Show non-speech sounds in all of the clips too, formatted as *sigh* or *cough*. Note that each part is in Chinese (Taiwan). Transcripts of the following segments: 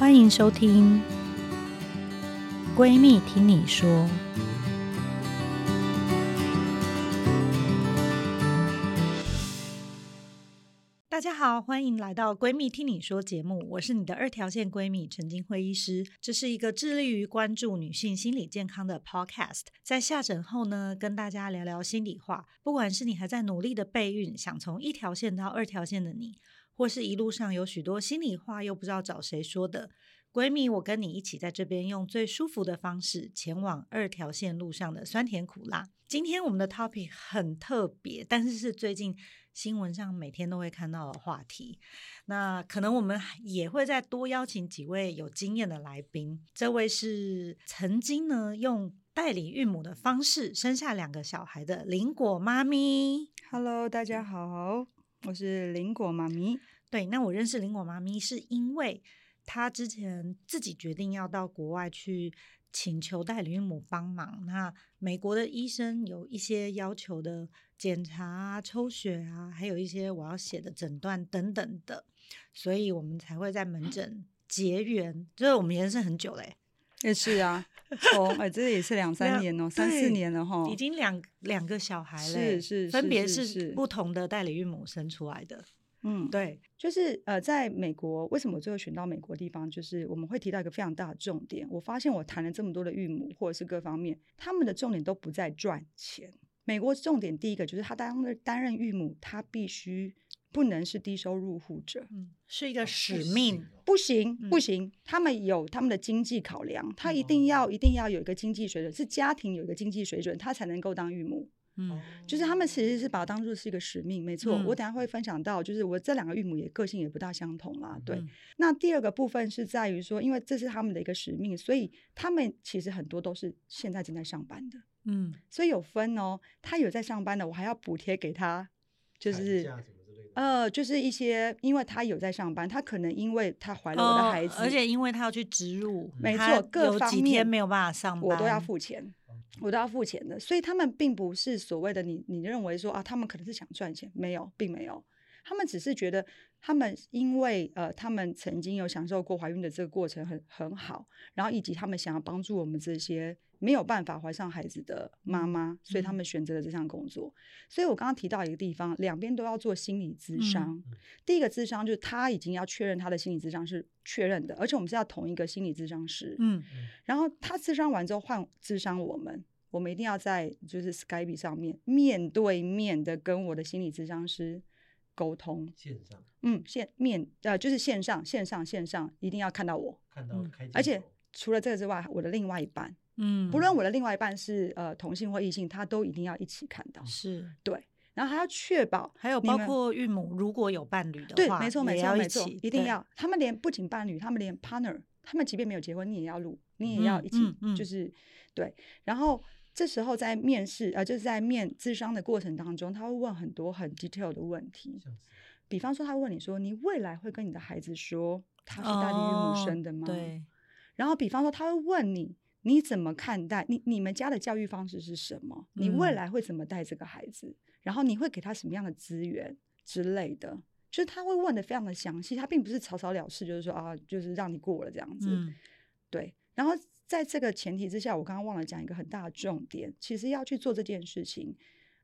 歡迎收聽《閨蜜聽你說》。大家好，歡迎來到《閨蜜聽你說》節目，我是你的二條線閨蜜陳菁徽醫師。這是一個致力於關注女性心理健康的 podcast，在下診後呢，跟大家聊聊心裡話。不管是你還在努力的備孕，想從一條線到二條線的你。或是一路上有許多心裡話，又不知道找誰說的閨蜜，我跟你一起在這邊用最舒服的方式，前往二條線路上的酸甜苦辣。今天我們的 topic 很特別，但是是最近新聞上每天都會看到的話題。那可能我們也會再多邀請幾位有經驗的來賓。這位是曾經呢用代理孕母的方式生下兩個小孩的林果媽咪。Hello，大家好。我是林果媽咪， *noise* 對，那我認識林果媽咪是因為她之前自己決定要到國外去請求代理孕母幫忙。那美國的醫生有一些要求的檢查啊、抽血啊，還有一些我要寫的診斷等等的，所以我們才會在門診結緣， *noise* 就是我們延伸很久嘞、欸。也是啊， *laughs* 哦，哎，欸，這也是兩三年哦，有三四年了哈，哦，對已經兩兩個小孩了，是是，分別是不同的代理孕母生出來的。嗯，對，就是呃，在美國，為什麼我最後選到美國地方？就是我們會提到一個非常大的重點。我發現我談了這麼多的孕母或者是各方面，他們的重點都不在賺錢。美國重點第一個就是他當擔，擔任孕母，他必須，不能是低收入戶者，嗯、是一個使命，不行、啊哦、不行，不行嗯、他們有他們的經濟考量，他一定要、哦、一定要有一個經濟水準，是家庭有一個經濟水準，他才能夠當孕母。嗯，就是他們其實是把它當做是一個使命，沒錯。嗯、我等下會分享到，就是我這兩個孕母也個性也不大相同啦。對，嗯、那第二個部分是在於說，因為這是他們的一個使命，所以他們其實很多都是現在正在上班的。嗯，所以有分哦，他有在上班的，我還要補貼給他，就是。呃，就是一些，因為他有在上班，他可能因為他懷了我的孩子，哦，而且因為他要去植入，沒錯，嗯，各方面，他有幾天沒有辦法上班，我都要付錢，我都要付錢的，所以他們並不是所謂的你，你認為說啊，他們可能是想賺錢，沒有，並沒有，他們只是覺得。他們因為呃，他們曾經有享受過懷孕的這個過程很很好，然後以及他們想要幫助我們這些沒有辦法懷上孩子的媽媽，所以他們選擇了這項工作。嗯、所以我剛剛提到一個地方，兩邊都要做心理諮商。嗯嗯、第一個諮商就是他已經要確認他的心理諮商是確認的，而且我們是要同一個心理諮商師。嗯，然後他諮商完之後換諮商我們，我們一定要在就是 Skype 上面面對面的跟我的心理諮商師。溝通線上，嗯，線面呃，就是線上線上線上，一定要看到我，看到開。而且除了這個之外，我的另外一半，嗯，不論我的另外一半是呃同性或異性，他都一定要一起看到。是，對。然後還要確保，還有包括孕母，如果有伴侶的話，對，沒錯沒錯沒錯，一定要。他們連不僅伴侶，他們連 partner，他們即便沒有結婚，你也要錄，你也要一起，就是對。然後。這時候在面試呃，就是在面諮商的過程當中，他會問很多很 detail 的問題，比方說他問你說：“你未來會跟你的孩子說他是代理孕母生的嗎？”哦、對。然後，比方說他會問你：“你怎麼看待你你們家的教育方式是什麼？你未來會怎麼帶這個孩子？嗯、然後你會給他什麼樣的資源之類的？”就是他會問的非常的詳細，他並不是草草了事，就是說啊，就是讓你過了這樣子，嗯、對。然後在這個前提之下，我剛剛忘了講一個很大的重點。其實要去做這件事情，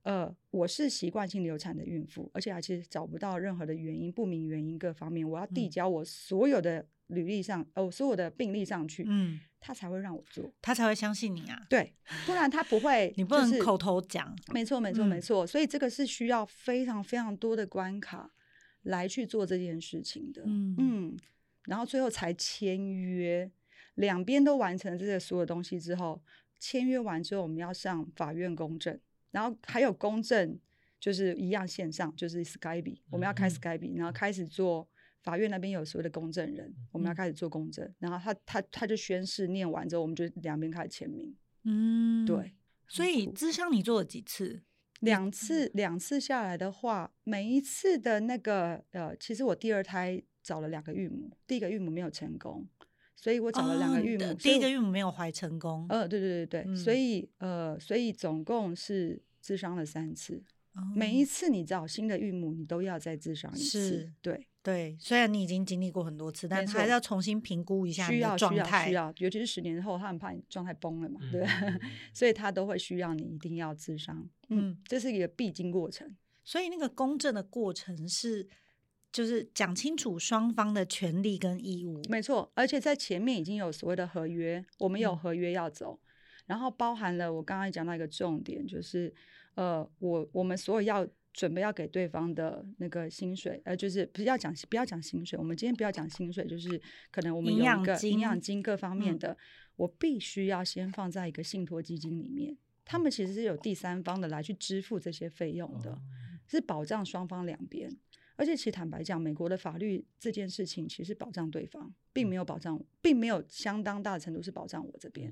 呃，我是習慣性流產的孕婦，而且還其實找不到任何的原因，不明原因各方面，我要遞交我所有的履歷上，呃，所有的病歷上去，嗯，他才會讓我做，他才會相信你啊，對，不然他不會、就是， *laughs* 你不能口頭講，沒錯，沒錯，沒錯，沒錯、嗯，沒錯，所以這個是需要非常非常多的關卡來去做這件事情的，嗯嗯，然後最後才簽約。兩邊都完成這些所有的東西之後，簽約完之後，我們要上法院公證，然後還有公證，就是一樣線上，就是 Skype，我們要開 Skype，、嗯、然後開始做法院那邊有所謂的公證人，嗯、我們要開始做公證，然後他他他就宣誓念完之後，我們就兩邊開始簽名。嗯，對，所以資香苦你做了幾次？兩次，兩次下來的話，每一次的那個呃，其實我第二胎找了兩個孕母，第一個孕母沒有成功。所以我找了兩個孕母、哦，第一個孕母沒有懷成功。呃，對對對對，嗯、所以呃，所以總共是諮商了三次。嗯、每一次你找新的孕母，你都要再諮商一次。是，對對。雖然你已經經歷過很多次，錯但還是要重新評估一下你的狀態，尤其是十年後，他們怕你狀態崩了嘛，對。嗯、 *laughs* 所以他都會需要你一定要諮商，嗯，嗯這是一個必經過程。所以那個公證的過程是。就是講清楚雙方的權利跟義務，沒錯。而且在前面已經有所謂的合約，我們有合約要走，嗯、然後包含了我剛剛講到一個重點，就是呃，我我們所有要準備要給對方的那個薪水，呃，就是不是要講不要講薪水，我們今天不要講薪水，就是可能我們有一個營養金各方面的，嗯、我必須要先放在一個信托基金裡面，他們其實是有第三方的來去支付這些費用的，Oh, yeah. 是保障雙方兩邊。而且，其實坦白講，美國的法律這件事情，其實保障對方，並沒有保障，並沒有相當大的程度是保障我這邊。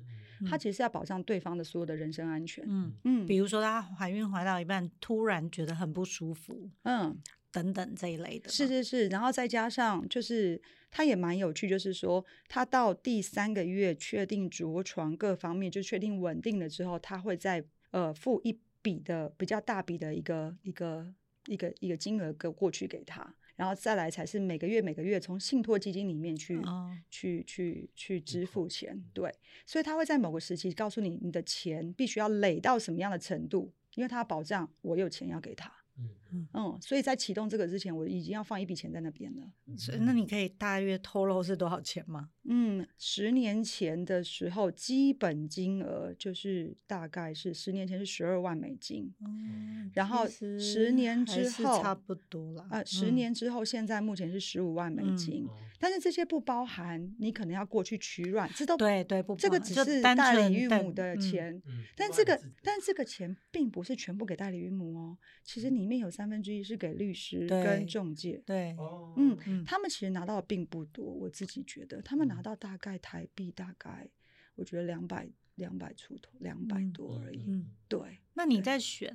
他、嗯嗯、其實是要保障對方的所有的人身安全。嗯嗯，嗯比如說她懷孕懷到一半，突然覺得很不舒服，嗯，等等這一類的。是是是。然後再加上，就是它也蠻有趣，就是說，他到第三個月確定着床，各方面就確定穩定了之後，他會再呃付一筆的比較大筆的一個一個。一個一個金額給過去給他，然後再來才是每個月每個月從信託基金裡面去、uh oh. 去去去支付錢。對，所以他會在某個時期告訴你，你的錢必須要累到什麼樣的程度，因為他要保障我有錢要給他。嗯。嗯，所以在啟動這個之前，我已經要放一筆錢在那邊了。嗯、所以那你可以大約透露是多少錢嗎？嗯，十年前的時候，基本金額就是大概是十年前是十二萬美金，嗯、然後十年之後差不多了。啊、呃，嗯、十年之後，現在目前是十五萬美金。嗯嗯、但是這些不包含你可能要過去取卵。這都對對，不包含？這個只是代理孕母的錢，嗯嗯、但這個但這個錢並不是全部給代理孕母哦，其實裡面有三。三分之一是給律師跟中介，對，對，嗯，嗯他們其實拿到的並不多。我自己覺得，嗯、他們拿到大概台幣，大概我覺得兩百兩百出頭，兩百多而已。嗯嗯、對，那你在選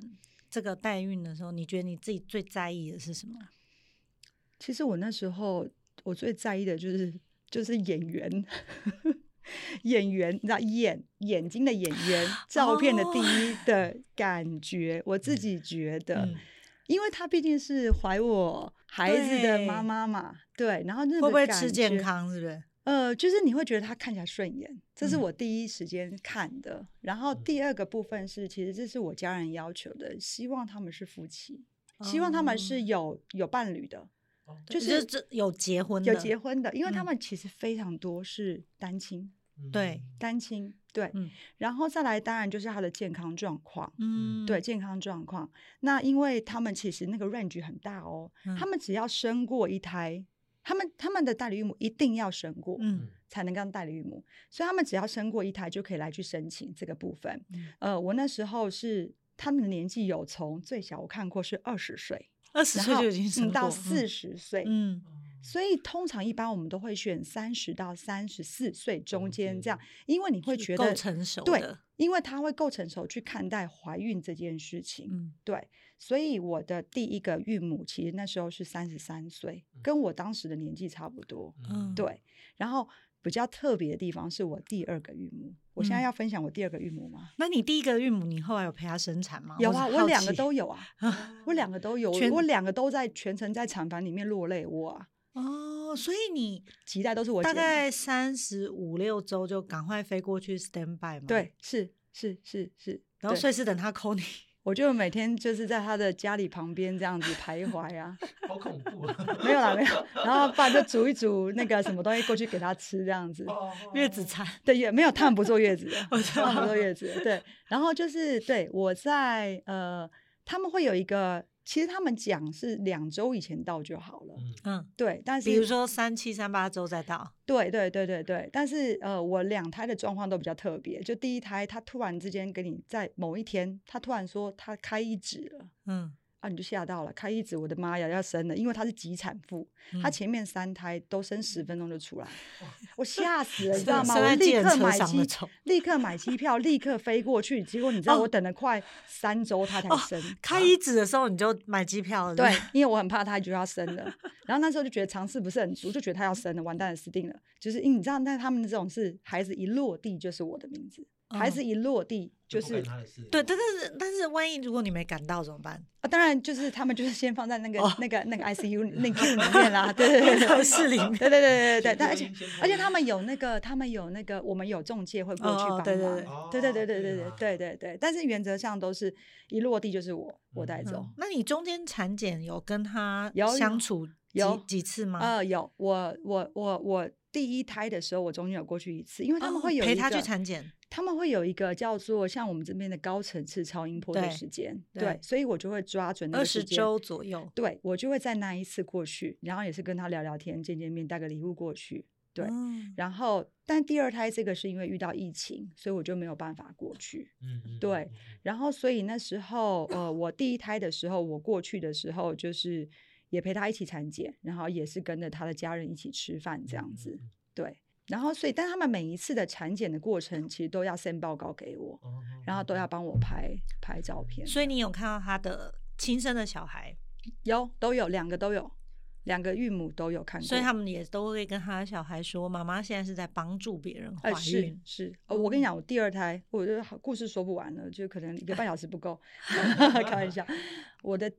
這個代孕的時候，你覺得你自己最在意的是什麼？其實我那時候我最在意的就是就是眼緣 *laughs* 眼緣，那眼眼睛的眼緣，照片的第一的感覺，哦、我自己覺得。嗯嗯因為他畢竟是懷我孩子的媽媽嘛，對，對，然後那會不會吃健康？是不是？呃，就是你會覺得他看起來順眼，這是我第一時間看的。嗯。然後第二個部分是，其實這是我家人要求的，希望他們是夫妻，哦。希望他們是有有伴侶的，就是有結婚的，有結婚的，因為他們其實非常多是單親。對單親對，嗯、然後再來當然就是他的健康狀況，嗯，對，健康狀況。那因為他們其實那個 range 很大哦，嗯、他們只要生過一胎，他們他們的代理孕母一定要生過，嗯，才能跟代理孕母，所以他們只要生過一胎就可以來去申請這個部分。嗯、呃，我那時候是他們的年紀有從最小我看過是二十歲，二十歲就已經生過到四十歲，嗯。所以通常一般我們都會選三十到三十四歲中間這樣，因為你會覺得是夠成熟的，對，因為她會夠成熟去看待懷孕這件事情，嗯、對。所以我的第一個孕母其實那時候是三十三歲，跟我當時的年紀差不多，嗯、對。然後比較特別的地方是我第二個孕母，嗯、我現在要分享我第二個孕母嗎？那你第一個孕母，你後來有陪她生產嗎？有啊，我，我兩個都有啊， *laughs* 我兩個都有，全我兩個都在全程在產房裡面落淚我啊。哦，所以你幾代都是我，大概三十五六週就趕快飛過去 stand by 嘛？對，是是是是，是是，然後隨時等他 call 你，我就每天就是在他的家裡旁邊這樣子徘徊啊，好恐怖啊！ *laughs* 沒有啦，沒有。然後爸就煮一煮那個什麼東西過去給他吃，這樣子月子餐，oh, oh, oh, oh. 對，月，沒有，他們不做月子的， *laughs* 我知道他們不做月子。對，然後就是對，我在呃，他們會有一個。其實他們講是兩周以前到就好了，嗯，對，但是比如說三七三八周再到，對對對對對，但是呃，我兩胎的狀況都比較特別，就第一胎他突然之間給你在某一天，他突然說他開一指了，嗯。啊！你就嚇到了，開一指，我的媽呀，要生了！因為她是急產婦，嗯、她前面三胎都生十分鐘就出來，嗯、我嚇死了， *laughs* 你知道嗎？我立刻買機，立刻買機票，立刻飛過去。結果你知道，我等了快三周，她才生。哦、啊、開一指的時候你就買機票了是是了，對，因為我很怕她就要生了。然後那時候就覺得嘗試不是很足，就覺得她要生了，完蛋了，死定了。就是，因、嗯、你知道，那他們這種是孩子一落地就是我的名字。孩子一落地就是對，但是但是萬一如果你沒趕到怎麼辦？啊，當然就是他們就是先放在那個那個那個 ICU 那裡面啦，對對對，室裡面，對對對對對，但而且而且他們有那個他們有那個我們有中介會過去幫忙，對對對對對對對對對對。但是原則上都是一落地就是我我帶走。那你中間產檢有跟他相處有幾次嗎？啊，有，我我我我第一胎的時候我中間有過去一次，因為他們會有陪他去產檢。他們會有一個叫做像我們這邊的高層次超音波的時間，對，對，所以我就會抓準那個時間，二十周左右，對，我就會在那一次過去，然後也是跟他聊聊天、見見面，帶個禮物過去，對，嗯、然後但第二胎這個是因為遇到疫情，所以我就沒有辦法過去，嗯，嗯，嗯，對，然後所以那時候，呃，我第一胎的時候，我過去的時候就是也陪他一起產檢，然後也是跟着他的家人一起吃飯這樣子，嗯嗯嗯對。然後，所以，但他們每一次的產檢的過程，其實都要 send 報告給我，嗯嗯嗯然後都要幫我拍拍照片。所以你有看到他的親生的小孩？有，都有兩個都有，兩個孕母都有看過。所以他們也都會跟他的小孩說：“媽媽現在是在幫助別人懷孕。”呃，是，是。呃，我跟你講，我第二胎，我的故事說不完了，就可能一個半小時不夠。 *laughs* *laughs* 開玩笑，我的。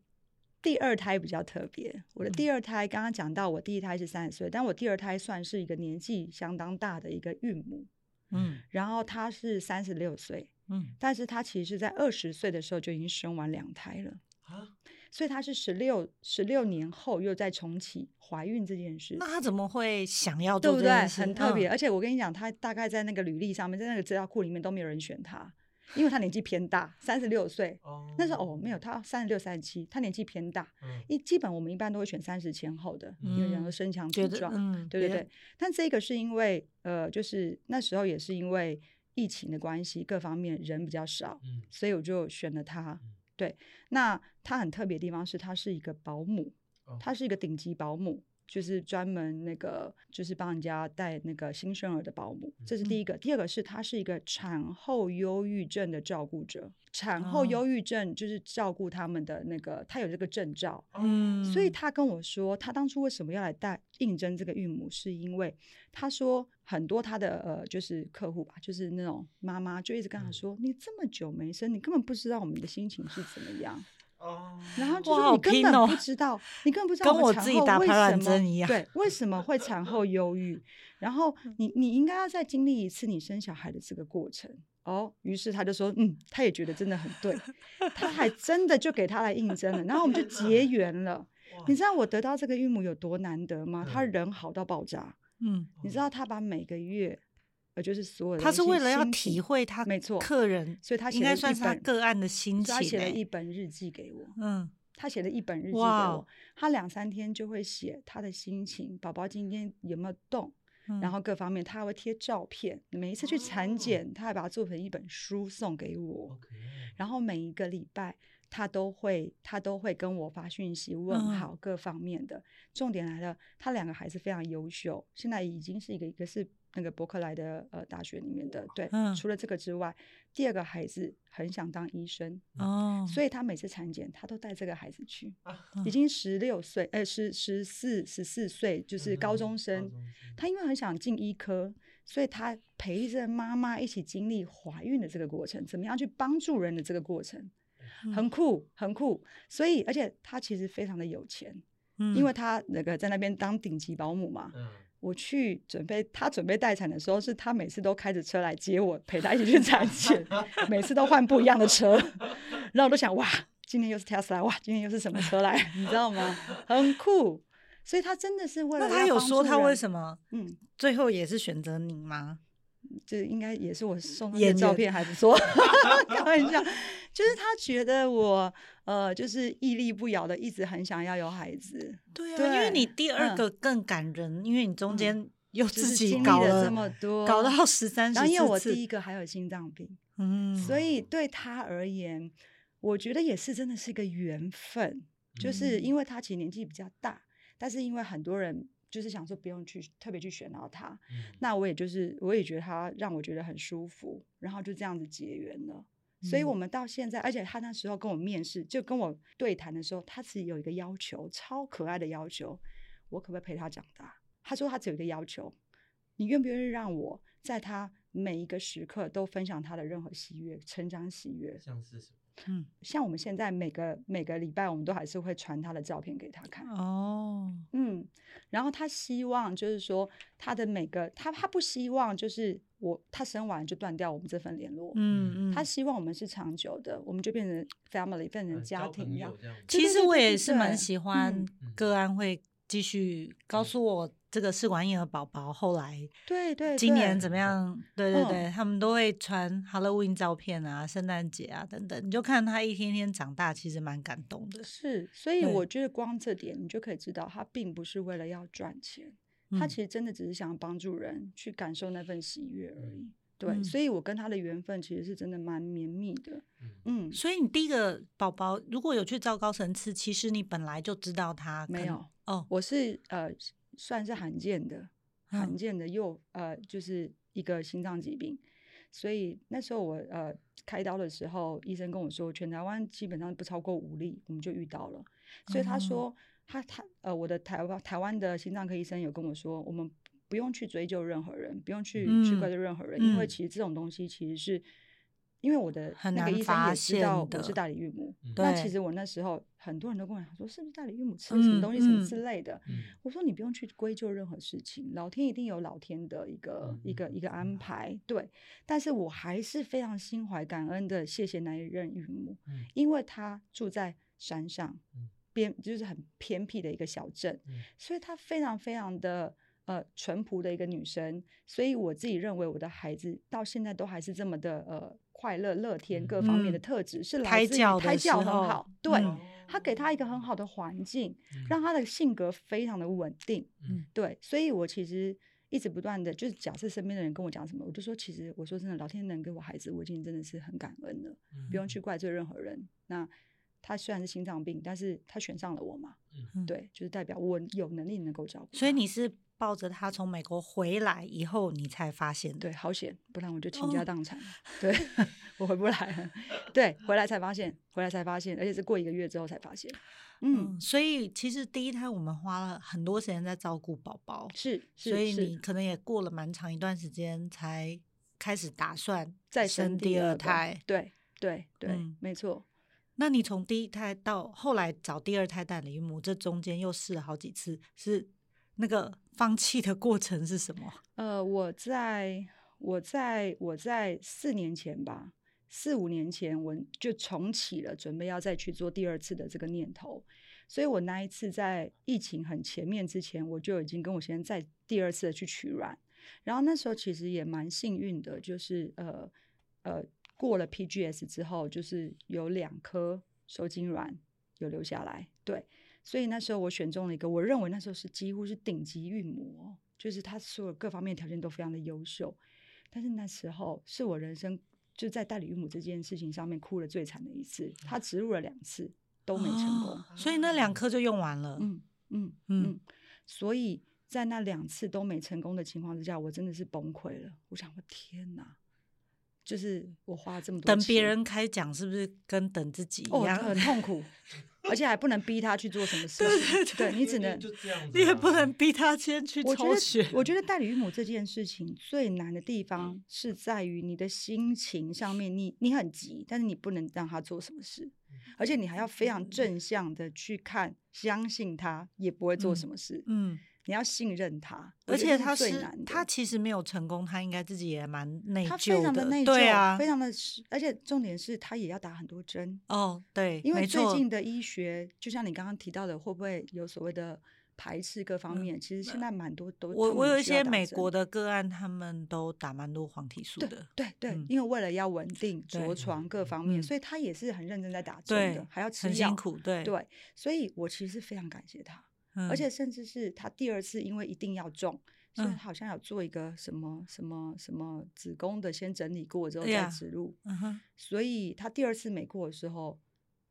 第二胎比較特別，我的第二胎、嗯、剛剛講到，我第一胎是三十歲，但我第二胎算是一個年紀相當大的一個孕母，嗯，然後她是三十六歲，嗯，但是她其實在二十歲的時候就已經生完兩胎了、啊、所以她是十六十六年後又再重啟懷孕這件事，那她怎麼會想要？對不對？很特別，嗯、而且我跟你講，她大概在那個履歷上面，在那個資料庫裡面都沒有人選她。因為他年紀偏大，三十六歲，um, 那時候哦沒有，他三十六三十七，他年紀偏大，一、嗯、基本我們一般都會選三十前後的，嗯、因為人要身強體壯，嗯、對不對？嗯、但這個是因為呃，就是那時候也是因為疫情的關係，各方面人比較少，嗯，所以我就選了他。嗯、對，那他很特別的地方是他是一個保姆，哦、他是一個頂級保姆。就是專門那個，就是幫人家帶那個新生兒的保姆，這是第一個。嗯、第二個是她是一個產後憂鬱症的照顧者，產後憂鬱症就是照顧他們的那個，她有這個證照。嗯，所以她跟我說，她當初為什麼要來帶應徵這個孕母，是因為她說很多她的呃，就是客戶吧，就是那種媽媽就一直跟她說，嗯、你這麼久沒生，你根本不知道我們的心情是怎麼樣。哦，oh, 然後就是你根本不知道，哦、你根本不知道跟我產後為什麼真一樣，對，為什麼會產後憂鬱， *laughs* 然後你你應該要再經歷一次你生小孩的這個過程哦。於、oh, 是他就說，嗯，他也覺得真的很對， *laughs* 他還真的就給他來應徵了，然後我們就結緣了。 *laughs* 哇你知道我得到這個孕母有多難得嗎？對他人好到爆炸，嗯，你知道他把每個月。就是所有的，他是為了要體會他沒錯客人，所以他應該算是他個案的心情，欸。所以他寫了一本日記給我，嗯，他寫了一本日記給我。哦、他兩三天就會寫他的心情，寶寶今天有沒有動，嗯、然後各方面，他還會貼照片。每一次去產檢，哦、他還把作品一本書送給我。Okay. 然後每一個禮拜他都會他都會跟我發訊息問好各方面的。嗯、重點來了，他兩個孩子非常優秀，現在已經是一個一個是。那個柏克萊的呃大學裡面的對，嗯、除了這個之外，第二個孩子很想當醫生哦，嗯、所以他每次產檢他都帶這個孩子去，啊嗯、已經十六歲，呃、欸，十十四十四歲就是高中生，嗯、高中生他因為很想進醫科，所以他陪着媽媽一起經歷懷孕的這個過程，怎麼樣去幫助人的這個過程，嗯、很酷很酷，所以而且他其實非常的有錢，嗯、因為他那個在那邊當頂級保姆嘛。嗯我去準備，他準備待產的時候，是他每次都開着車來接我，陪他一起去產檢， *laughs* 每次都換不一樣的車，然後我都想哇，今天又是 Tesla，哇，今天又是什麼車來，你知道嗎？很酷，所以他真的是為了。那他有說他為什麼？嗯，最後也是選擇你嗎？嗯這應該也是我送他的照片還不錯，言言 *laughs* 開玩笑，就是他覺得我呃，就是屹立不搖的，一直很想要有孩子。對啊，對因為你第二個更感人，嗯、因為你中間又自己搞了，了這麼多，搞到十三、十四次，因為我第一個還有心臟病。嗯，所以對他而言，我覺得也是真的是一個緣分，嗯、就是因為他其實年紀比較大，但是因為很多人。就是想說不用去特別去選到他，嗯、那我也就是我也覺得他讓我覺得很舒服，然後就這樣子結緣了。嗯、所以我們到現在，而且他那時候跟我面試，就跟我對談的時候，他自己有一個要求，超可愛的要求，我可不可以陪他長大？他說他只有一個要求，你願不願意讓我在他每一個時刻都分享他的任何喜悅、成長喜悅？像是什麼？嗯，像我們現在每個每個禮拜，我們都還是會傳他的照片給他看哦。嗯，然後他希望就是說，他的每個他他不希望就是我他生完就斷掉我們這份聯絡。嗯嗯，嗯，他希望我們是長久的，我們就變成 family 變成家庭一樣，嗯，其實我也是蠻喜歡個案會繼續告訴我。嗯嗯這個試管嬰兒寶寶後來，對對，今年怎麼樣？對對對，他們都會傳 Halloween 照片啊，聖誕節啊等等，你就看他一天一天長大，其實蠻感動的。是，所以我覺得光這點，你就可以知道他並不是為了要賺錢，對他其實真的只是想要幫助人去感受那份喜悅而已。嗯、對，所以，我跟他的緣分其實是真的蠻綿密的。嗯，嗯所以你第一個寶寶如果有去照高層次，其實你本來就知道他沒有。哦，我是呃。算是罕見的，罕見的又、嗯、呃，就是一個心臟疾病，所以那時候我呃開刀的時候，醫生跟我說，全台灣基本上不超過五例，我們就遇到了。所以他說，嗯、他他呃，我的台灣台灣的心臟科醫生有跟我說，我們不用去追究任何人，不用去去怪罪任何人，嗯、因為其實這種東西其實是。因為我的那個醫生也知道我是代理孕母，那其實我那時候對很多人都跟我講說，是不是代理孕母吃了什麼東西什麼之類的？嗯嗯、我說你不用去歸咎任何事情，嗯、老天一定有老天的一個、嗯、一個一個安排。嗯、對，但是我還是非常心懷感恩的，謝謝那一任孕母，嗯、因為她住在山上、嗯邊，就是很偏僻的一個小鎮，嗯、所以她非常非常的。呃，淳樸的一個女生，所以我自己認為我的孩子到現在都還是這麼的呃快樂、樂天各方面的特質，嗯、是胎教，胎教很好，對，嗯、他給她一個很好的環境，嗯、讓她的性格非常的穩定，嗯，對，所以我其實一直不斷的，就是假設身邊的人跟我講什麼，我就說，其實我說真的，老天能給我孩子，我今天真的是很感恩的，嗯、不用去怪罪任何人。那她雖然是心臟病，但是她選上了我嘛，嗯，對，就是代表我有能力能夠照顧，所以你是。抱着他從美國回來以後，你才發現對，好險，不然我就傾家蕩產了。Oh. 對，我回不來。對，回來才發現，回來才發現，而且是過一個月之後才發現。嗯，嗯，所以其實第一胎我們花了很多時間在照顧寶寶，是，是，所以你可能也過了蠻長一段時間才開始打算生再生第二胎。對，對，對，嗯、沒錯。那你從第一胎到後來找第二胎代理母，這中間又試了好幾次，是？那個放棄的過程是什麼？呃，我在，我在我在四年前吧，四五年前，我就重啟了，準備要再去做第二次的這個念頭。所以我那一次在疫情很前面之前，我就已經跟我先生再第二次的去取卵。然後那時候其實也蠻幸運的，就是呃呃，過了 PGS 之後，就是有兩顆受精卵有留下來。對。所以那時候我選中了一個，我認為那時候是幾乎是頂級孕母，喔，就是他所有各方面條件都非常的優秀。但是那時候是我人生就在代理孕母這件事情上面哭的最慘的一次，他植入了兩次都沒成功，哦，所以那兩顆就用完了。嗯嗯嗯，嗯嗯，所以在那兩次都沒成功的情況之下，我真的是崩潰了。我想，我天哪！就是我花了這麼多，等別人開獎是不是跟等自己一樣，oh, 很痛苦？ *laughs* 而且還不能逼他去做什麼事，對你只能，啊，你也不能逼他先去抽血。我覺得代理孕母這件事情最難的地方是在於你的心情上面你，你你很急，但是你不能讓他做什麼事，而且你還要非常正向的去看，相信他也不會做什麼事，嗯。嗯你要信任他，而且他是他其實沒有成功，他應該自己也蠻內疚的。對啊，非常的內疚，而且重點是他也要打很多針哦。對，因為最近的醫學，就像你剛剛提到的，會不會有所謂的排斥各方面？其實現在蠻多都我我有一些美國的個案，他們都打蠻多黃體素的。對對，因為為了要穩定着床各方面，所以他也是很認真在打針的，還要吃藥，很辛苦。對對，所以我其實非常感謝他。而且甚至是他第二次，因為一定要種，嗯、所以他好像有做一個什麼什麼什麼子宮的先整理過之後再植入。哎嗯、所以他第二次沒過的時候，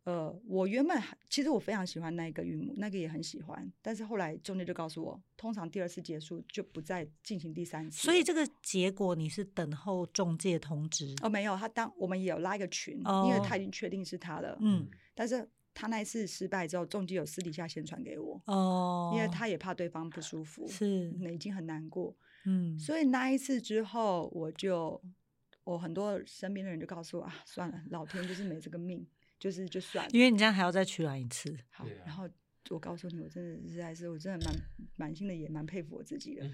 呃，我原本其實我非常喜歡那一個孕母，那個也很喜歡，但是後來中介就告訴我，通常第二次結束就不再進行第三次。所以這個結果你是等候中介通知？哦，沒有，他當我們也有拉一個群，哦、因為他已經確定是他了。嗯，但是。他那一次失敗之後，仲基有私底下先傳給我，哦，因為他也怕對方不舒服，是，那已經很難過，嗯，所以那一次之後，我就，我很多身邊的人就告訴我啊，算了，老天就是沒這個命， *laughs* 就是就算了。因為你這樣還要再取卵一次，好，然後我告訴你，我真的實在是我真的蠻蠻心的也，也蠻佩服我自己的。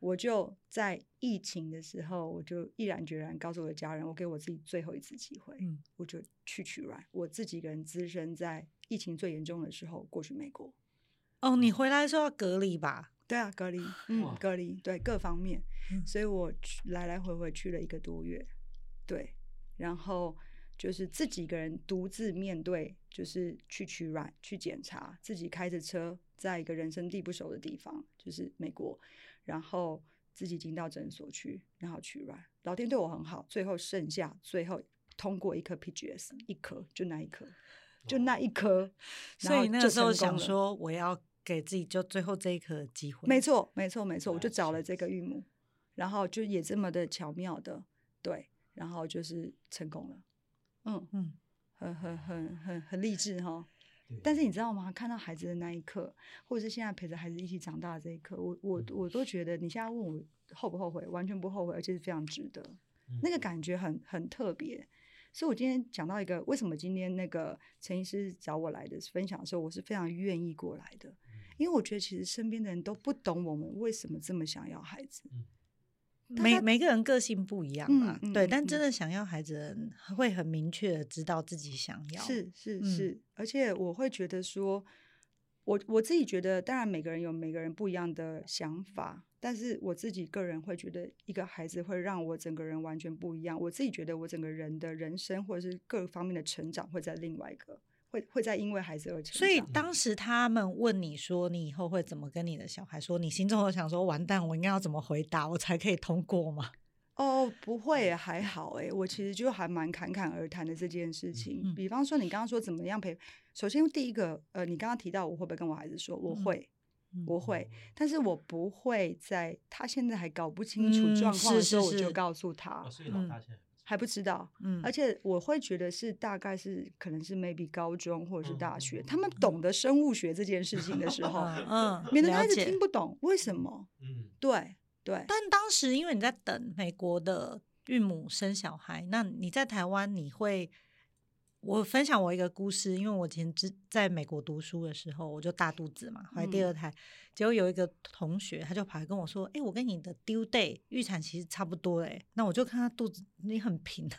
我就在疫情的時候，我就毅然決然告訴我的家人，我給我自己最後一次機會，嗯、我就去取卵，我自己一個人，只身在疫情最嚴重的時候過去美國。哦，你回來的時候要隔離吧？對啊，隔離，嗯，哇隔離，對各方面。嗯、所以我來來回回去了一個多月，對。然後就是自己一個人獨自面對，就是去取卵，去檢查，自己開着車在一個人生地不熟的地方，就是美國。然後自己進到診所去，然後取卵。老天對我很好，最後剩下最後通過一顆 PGS，一顆就那一顆，就那一顆。哦、一顆，所以那個時候想說，我要給自己就最後這一顆的機會。沒錯，沒錯，沒錯，我就找了這個孕母，啊、然後就也這麼的巧妙的對，然後就是成功了。嗯嗯，很很很很很勵志哈、哦。但是你知道嗎？看到孩子的那一刻，或者是現在陪着孩子一起長大的這一刻，我我我都覺得，你現在問我後不後悔，完全不後悔，而且是非常值得。那個感覺很很特別，所以我今天講到一個為什麼今天那個陳醫師找我來的分享的時候，我是非常願意過來的，因為我覺得其實身邊的人都不懂我們為什麼這麼想要孩子。他他每每個人個性不一樣嘛，嗯、對，嗯、但真的想要孩子的會很明確的知道自己想要，是是是，是嗯、而且我會覺得說，我我自己覺得，當然每個人有每個人不一樣的想法，嗯、但是我自己個人會覺得，一個孩子會讓我整個人完全不一樣，我自己覺得我整個人的人生或者是各方面的成長會在另外一個。會會在因為孩子而成，所以當時他們問你說，你以後會怎麼跟你的小孩說？你心中都想說，完蛋，我應該要怎麼回答，我才可以通過嗎？哦，不會，還好，哎，我其實就還蠻侃侃而談的這件事情。嗯嗯、比方說，你剛剛說怎麼樣陪，首先第一個，呃，你剛剛提到我會不會跟我孩子說，我會，嗯、我會，嗯、但是我不會在他現在還搞不清楚狀況的時候就告訴他。還不知道，嗯，而且我會覺得是大概是可能是 maybe 高中或者是大學，嗯，他們懂得生物學這件事情的時候，嗯，嗯，免得開始聽不懂為什麼，對對。但當時因為你在等美國的孕母生小孩，那你在台灣你會。我分享我一個故事，因為我之前在美國讀書的時候，我就大肚子嘛，懷第二胎，嗯、結果有一個同學，他就跑來跟我說：“哎，我跟你的 due day 預產其實差不多哎。”那我就看他肚子，你很平，的，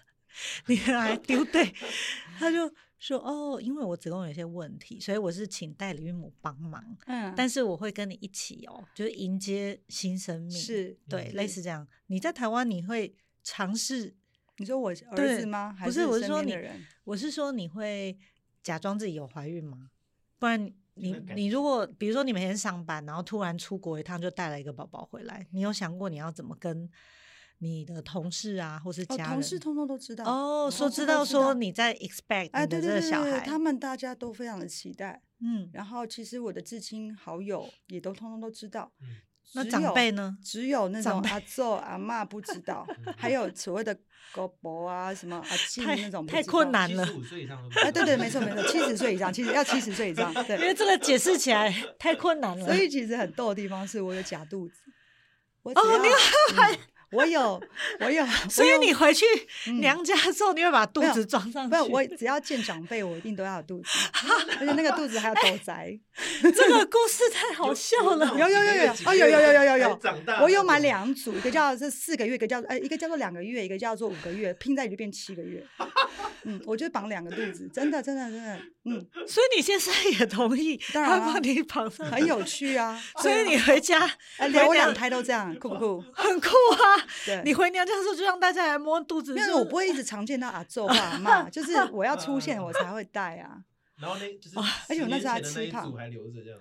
你來 due day， *laughs* 他就說：“哦，因為我子宮有些問題，所以我是請代理孕母幫忙，嗯，但是我會跟你一起哦，就是迎接新生命，是對，對類似這樣。你在台灣，你會嘗試？”你說我兒子嗎？對還是身邊的人？不是，我是說你。我是說，你會假裝自己有懷孕嗎？不然你 Okay. 你如果比如說你每天上班，然後突然出國一趟，就帶了一個寶寶回來，你有想過你要怎麼跟你的同事啊，或是家人？哦，同事通通都知道哦，oh, 知道說知道說你在 expect 你的這個小孩，哎對對對對，他們大家都非常的期待。嗯，然後其實我的至親好友也都通通都知道。嗯。只有那長輩呢？只有那種阿祖長輩 阿嬤祖不知道， *laughs* 還有所謂的高博啊什麼阿慶那種太，太困難了。啊，對對，沒錯沒錯，七十歲以上其實要七十歲以上，對，因為這個解釋起來太困難了。所以其實很逗的地方是我有假肚子，我假肚子。哦，沒有。我有，我有，所以你回去娘家的時候，你會把肚子裝上去。沒有，我只要見長輩，我一定都要有肚子，而且那個肚子還要多窄。這個故事太好笑了。有有有有啊有有有有有有。我有買兩組，一個叫這四個月，一個叫一個叫做兩個月，一個叫做五個月，拼在一起變七個月。嗯，我就綁兩個肚子，真的真的真的。嗯，所以你現在也同意？當然幫你綁上，很有趣啊。所以你回家，連我兩胎都這樣，酷不酷？很酷啊。 *laughs* 對你回娘家的時候就讓大家來摸肚子，就是。沒有，我不會一直常見到阿祖阿嬤，就是我要出現我才會戴啊。然後呢，就是而且我那時候還吃胖，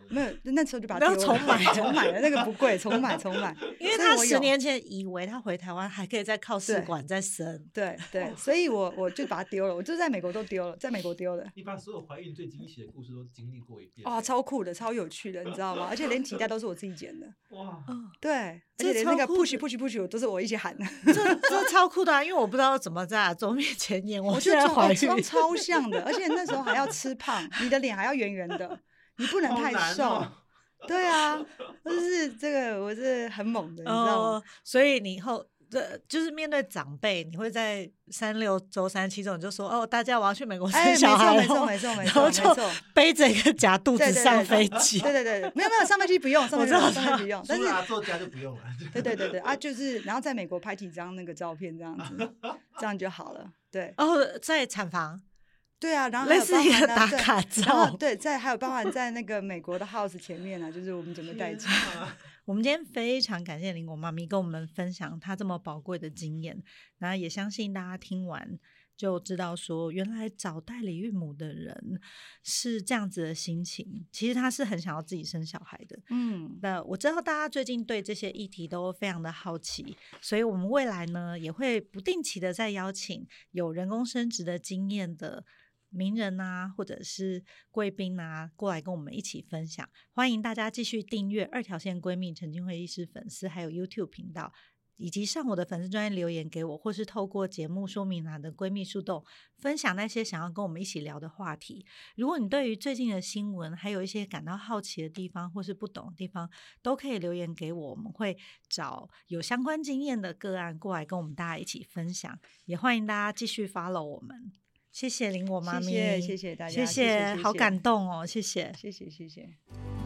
沒有，那時候就把然後重買，重買的那個不貴，重買重買。因為他十年前以為他回台灣還可以再靠試管再生，對對。所以我我就把它丟了，我就在美國都丟了，在美國丟了。你把所有懷孕最驚喜的故事都經歷過一遍。哇，超酷的，超有趣的，你知道嗎？而且連臍帶都是我自己剪的。哇，對，而且連那個 push push push 都是我一起喊的。這這超酷的，因為我不知道怎麼在桌面前念，我覺得懷孕超像的，而且那時候還要吃胖。你的臉還要圓圓的，你不能太瘦，對啊，就是這個我是很猛的，你知道嗎？所以你以後這就是面對長輩，你會在三六週三七週你就說哦，大家我要去美國生小孩，沒錯沒錯沒錯沒錯，背着一個假肚子上飛機，對對對，沒有沒有上飛機不用，上飛機上飛機不用，但是坐夾就不用了，對對對對啊，就是然後在美國拍幾張那個照片，這樣子，這樣就好了，對，哦，在產房。對啊，然後還有類似一個打卡照，對，在 *laughs* 還有包含在那個美國的 house 前面呢、啊， *laughs* 就是我們準備帶家。啊、 *laughs* 我們今天非常感謝林果媽咪跟我們分享她這麼寶貴的經驗，然後也相信大家聽完就知道說，原來找代理孕母的人是這樣子的心情。其實她是很想要自己生小孩的。嗯，那我知道大家最近對這些議題都非常的好奇，所以我們未來呢也會不定期的再邀請有人工生殖的經驗的。名人啊，或者是貴賓啊，過來跟我們一起分享。歡迎大家繼續訂閱二條線閨蜜陳菁徽醫師粉絲，還有 YouTube 頻道，以及上我的粉絲專頁留言給我，或是透過節目說明欄、啊、的閨蜜樹洞，分享那些想要跟我們一起聊的話題。如果你對於最近的新聞，還有一些感到好奇的地方，或是不懂的地方，都可以留言給我，我們會找有相關經驗的個案過來跟我們大家一起分享。也歡迎大家繼續 follow 我們。謝謝林果媽咪，謝謝，謝謝大家，謝謝，謝謝好感動哦，謝謝，謝謝，謝謝。